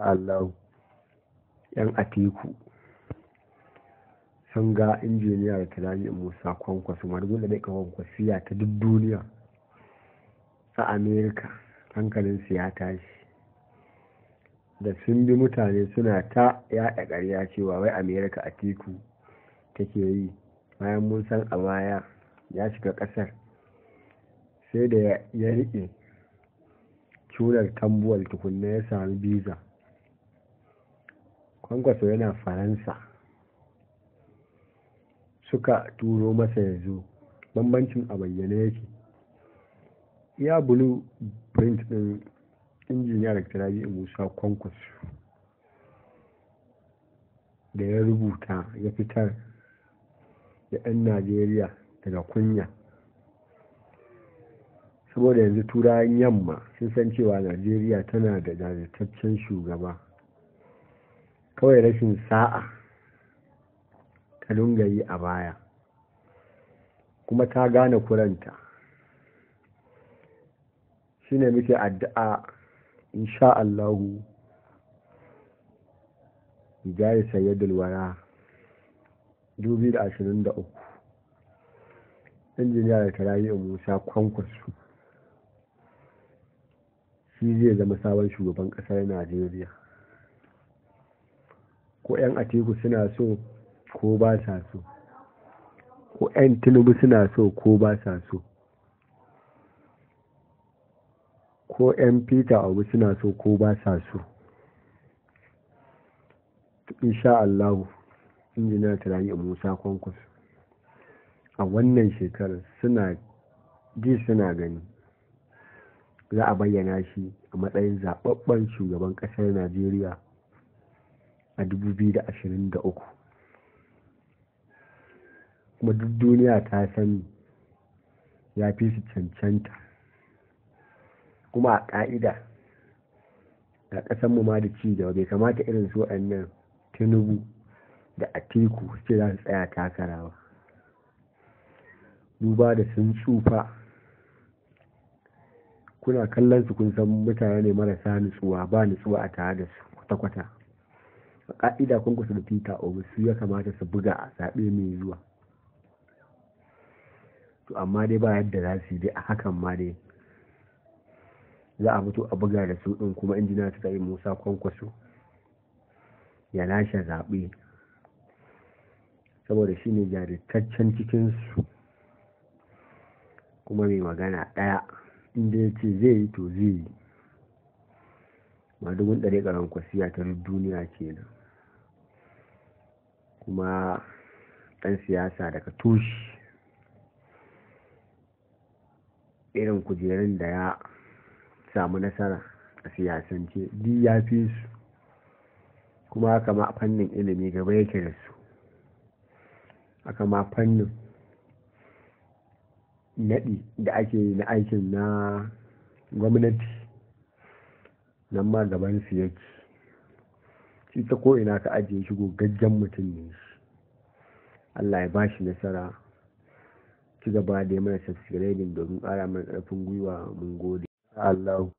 Allahu yan atiku sun ga injiniya da talami musa kwankwaso margula da ka ya ta duk duniya a amerika su ya tashi da sun bi mutane suna ta 'ya'ya ƙarya cewa wai amerika Atiku take yi bayan mun san a baya ya shiga ƙasar sai da ya riƙe cunar tambuwal tukunna ya sami biza kwankwaso yana faransa suka turo masa ya bambancin a bayyane yake Ya bulu print din injiniya da tarabi musa kwankwaso da ya rubuta ya fitar da 'yan najeriya daga kunya saboda yanzu turawan yamma sun san cewa najeriya tana da jajirtaccen shugaba kawai rashin sa'a ta dunga yi a baya kuma ta gane kuranta shi ne muke addu'a insha Allahu jari sayyidul wara 2023 injiniya da tarayi musa kwankwasu shi zai zama sabon shugaban ƙasar najeriya ko 'yan atiku suna so ko ba sa so ko 'yan tinubu suna so ko ba sa so ko 'yan peter abu suna so ko ba sa so insha na injiniya turani musa kwankwas a wannan shekarar suna ji suna gani za a bayyana shi a matsayin zaɓaɓɓen shugaban ƙasar najeriya a 2023 kuma duk duniya ta sani ya fi su cancanta kuma a ƙa'ida a mu ma da ci cigaba bai kamata irin su nan tinubu da atiku ce za su tsaya takara ba duba da sun tsufa kuna kallon su kun san mutane ne marasa nutsuwa ba nutsuwa a tare da su kwata-kwata a ƙa'ida kun kusa da fita obi su ya kamata su buga a zaɓe mai zuwa to amma dai ba yadda za su yi dai a hakan ma dai za a fito a buga da su ɗin kuma injina ta yi musa kwankwaso ya lashe zaɓe saboda shi ne jaritaccen cikinsu kuma mai magana ɗaya inda ya ce zai yi to zai yi ma madugun ɗari ƙaran kwasiya ta duniya kenan kuma ɗan siyasa daga tushe irin kujerun da ya samu nasara a siyasance duk ya fi su kuma haka ma fannin ilimi gaba yake da su haka ma fannin naɗi da ake yi na aikin na gwamnati nan ma gabansu yake shi ta ko ina ka ajiye shi gajjen mutum ne Allah ya ba shi nasara ci gaba da yi mana subscribing domin ƙara mana karfin gwiwa mun gode Allah